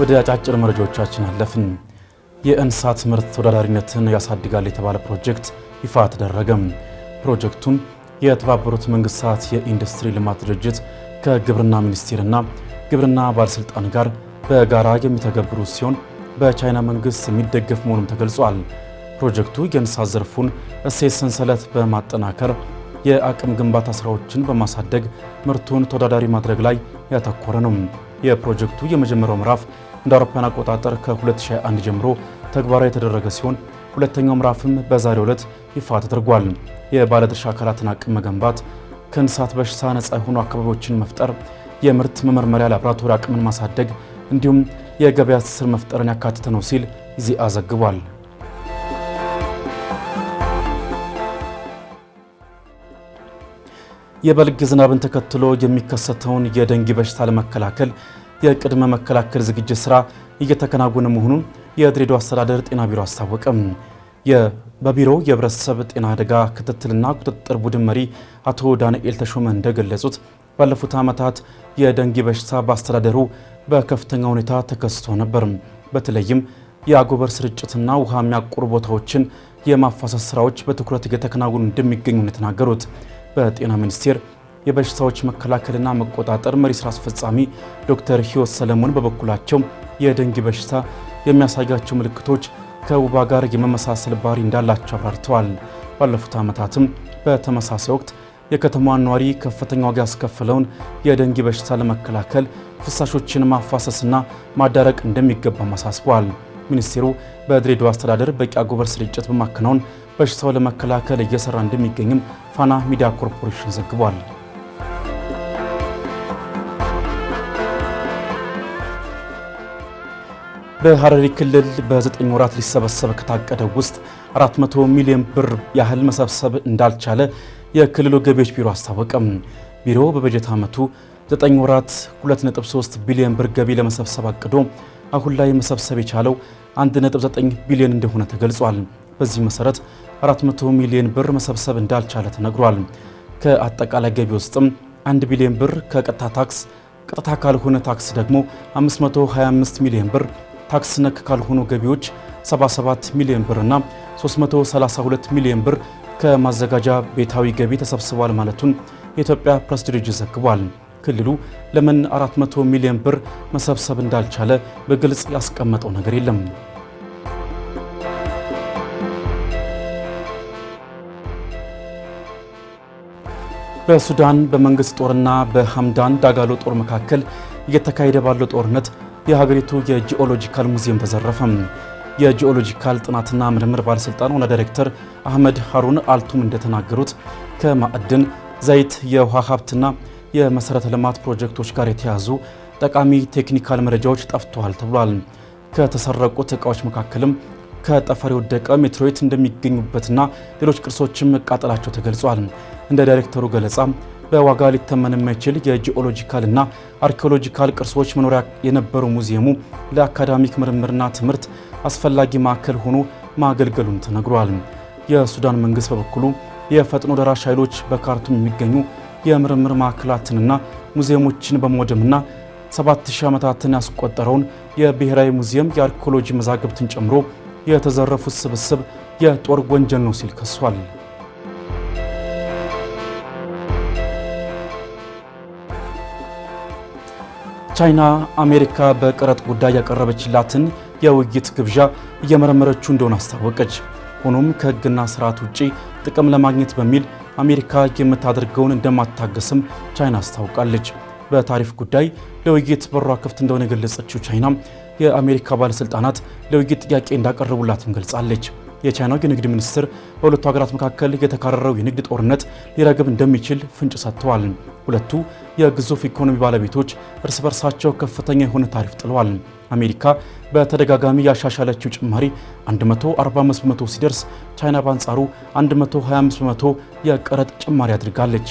ወደ አጫጭር መረጃዎቻችን አለፍን። የእንስሳት ምርት ተወዳዳሪነትን ያሳድጋል የተባለ ፕሮጀክት ይፋ ተደረገም። ፕሮጀክቱን የተባበሩት መንግስታት የኢንዱስትሪ ልማት ድርጅት ከግብርና ሚኒስቴርና ግብርና ባለሥልጣን ጋር በጋራ የሚተገብሩ ሲሆን በቻይና መንግስት የሚደገፍ መሆኑም ተገልጿል። ፕሮጀክቱ የእንስሳት ዘርፉን እሴት ሰንሰለት በማጠናከር የአቅም ግንባታ ስራዎችን በማሳደግ ምርቱን ተወዳዳሪ ማድረግ ላይ ያተኮረ ነው። የፕሮጀክቱ የመጀመሪያው ምዕራፍ እንደ አውሮፓውያን አቆጣጠር ከ2021 ጀምሮ ተግባራዊ የተደረገ ሲሆን ሁለተኛው ምዕራፍም በዛሬው ዕለት ይፋ ተደርጓል። የባለድርሻ አካላትን አቅም መገንባት፣ ከእንስሳት በሽታ ነፃ የሆኑ አካባቢዎችን መፍጠር፣ የምርት መመርመሪያ ላብራቶሪ አቅምን ማሳደግ እንዲሁም የገበያ ትስስር መፍጠርን ያካተተ ነው ሲል ኢዜአ ዘግቧል። የበልግ ዝናብን ተከትሎ የሚከሰተውን የደንጊ በሽታ ለመከላከል የቅድመ መከላከል ዝግጅት ስራ እየተከናወነ መሆኑን የድሬዳዋ አስተዳደር ጤና ቢሮ አስታወቀም። በቢሮው የህብረተሰብ ጤና አደጋ ክትትልና ቁጥጥር ቡድን መሪ አቶ ዳንኤል ተሾመ እንደገለጹት ባለፉት ዓመታት የደንጊ በሽታ በአስተዳደሩ በከፍተኛ ሁኔታ ተከስቶ ነበር። በተለይም የአጎበር ስርጭትና ውሃ የሚያቁር ቦታዎችን የማፋሰስ ስራዎች በትኩረት እየተከናወኑ እንደሚገኙ የተናገሩት በጤና ሚኒስቴር የበሽታዎች መከላከልና መቆጣጠር መሪ ስራ አስፈጻሚ ዶክተር ህይወት ሰለሞን በበኩላቸው የደንግ በሽታ የሚያሳያቸው ምልክቶች ከውባ ጋር የመመሳሰል ባህሪ እንዳላቸው አብራርተዋል። ባለፉት ዓመታትም በተመሳሳይ ወቅት የከተማዋ ነዋሪ ከፍተኛ ዋጋ ያስከፍለውን የደንግ በሽታ ለመከላከል ፍሳሾችን ማፋሰስና ማዳረቅ እንደሚገባም አሳስበዋል። ሚኒስቴሩ በድሬዳዋ አስተዳደር በቂ አጎበር ስርጭት በማከናወን በሽታው ለመከላከል እየሰራ እንደሚገኝም ፋና ሚዲያ ኮርፖሬሽን ዘግቧል። በሐረሪ ክልል በ9 ወራት ሊሰበሰብ ከታቀደ ውስጥ 400 ሚሊዮን ብር ያህል መሰብሰብ እንዳልቻለ የክልሉ ገቢዎች ቢሮ አስታወቀም። ቢሮው በበጀት ዓመቱ 9 ወራት 2.3 ቢሊዮን ብር ገቢ ለመሰብሰብ አቅዶ አሁን ላይ መሰብሰብ የቻለው 1.9 ቢሊዮን እንደሆነ ተገልጿል። በዚህ መሰረት 400 ሚሊዮን ብር መሰብሰብ እንዳልቻለ ተነግሯል። ከአጠቃላይ ገቢ ውስጥም 1 ቢሊዮን ብር ከቀጥታ ታክስ፣ ቀጥታ ካልሆነ ታክስ ደግሞ 525 ሚሊዮን ብር፣ ታክስ ነክ ካልሆኑ ገቢዎች 77 ሚሊዮን ብር እና 332 ሚሊዮን ብር ከማዘጋጃ ቤታዊ ገቢ ተሰብስቧል ማለቱን የኢትዮጵያ ፕሬስ ድርጅት ዘግቧል። ክልሉ ለምን 400 ሚሊዮን ብር መሰብሰብ እንዳልቻለ በግልጽ ያስቀመጠው ነገር የለም። በሱዳን በመንግስት ጦርና በሐምዳን ዳጋሎ ጦር መካከል እየተካሄደ ባለው ጦርነት የሀገሪቱ የጂኦሎጂካል ሙዚየም ተዘረፈም። የጂኦሎጂካል ጥናትና ምርምር ባለሥልጣን ዋና ዳይሬክተር አህመድ ሃሩን አልቱም እንደተናገሩት ከማዕድን ዘይት፣ የውሃ ሀብትና የመሠረተ ልማት ፕሮጀክቶች ጋር የተያዙ ጠቃሚ ቴክኒካል መረጃዎች ጠፍተዋል ተብሏል። ከተሰረቁት ዕቃዎች መካከልም ከጠፈር የወደቀ ሜትሮይት እንደሚገኙበትና ሌሎች ቅርሶችም መቃጠላቸው ተገልጿል። እንደ ዳይሬክተሩ ገለጻ በዋጋ ሊተመን የማይችል የጂኦሎጂካልና አርኪኦሎጂካል ቅርሶች መኖሪያ የነበረው ሙዚየሙ ለአካዳሚክ ምርምርና ትምህርት አስፈላጊ ማዕከል ሆኖ ማገልገሉን ተነግሯል። የሱዳን መንግስት በበኩሉ የፈጥኖ ደራሽ ኃይሎች በካርቱም የሚገኙ የምርምር ማዕከላትንና ሙዚየሞችን በመወደምና 7000 ዓመታትን ያስቆጠረውን የብሔራዊ ሙዚየም የአርኪኦሎጂ መዛግብትን ጨምሮ የተዘረፉት ስብስብ የጦር ወንጀል ነው ሲል ከሷል። ቻይና አሜሪካ በቀረጥ ጉዳይ ያቀረበችላትን የውይይት ግብዣ እየመረመረችው እንደሆነ አስታወቀች። ሆኖም ከሕግና ስርዓት ውጪ ጥቅም ለማግኘት በሚል አሜሪካ የምታደርገውን እንደማታገስም ቻይና አስታውቃለች። በታሪፍ ጉዳይ ለውይይት በሯ ክፍት እንደሆነ የገለጸችው ቻይና የአሜሪካ ባለሥልጣናት ለውይይት ጥያቄ እንዳቀረቡላትም ገልጻለች። የቻይናው የንግድ ሚኒስትር በሁለቱ ሀገራት መካከል የተካረረው የንግድ ጦርነት ሊረግብ እንደሚችል ፍንጭ ሰጥተዋል። ሁለቱ የግዙፍ ኢኮኖሚ ባለቤቶች እርስ በርሳቸው ከፍተኛ የሆነ ታሪፍ ጥለዋል። አሜሪካ በተደጋጋሚ ያሻሻለችው ጭማሪ 145 በመቶ ሲደርስ ቻይና በአንጻሩ 125 በመቶ የቀረጥ ጭማሪ አድርጋለች።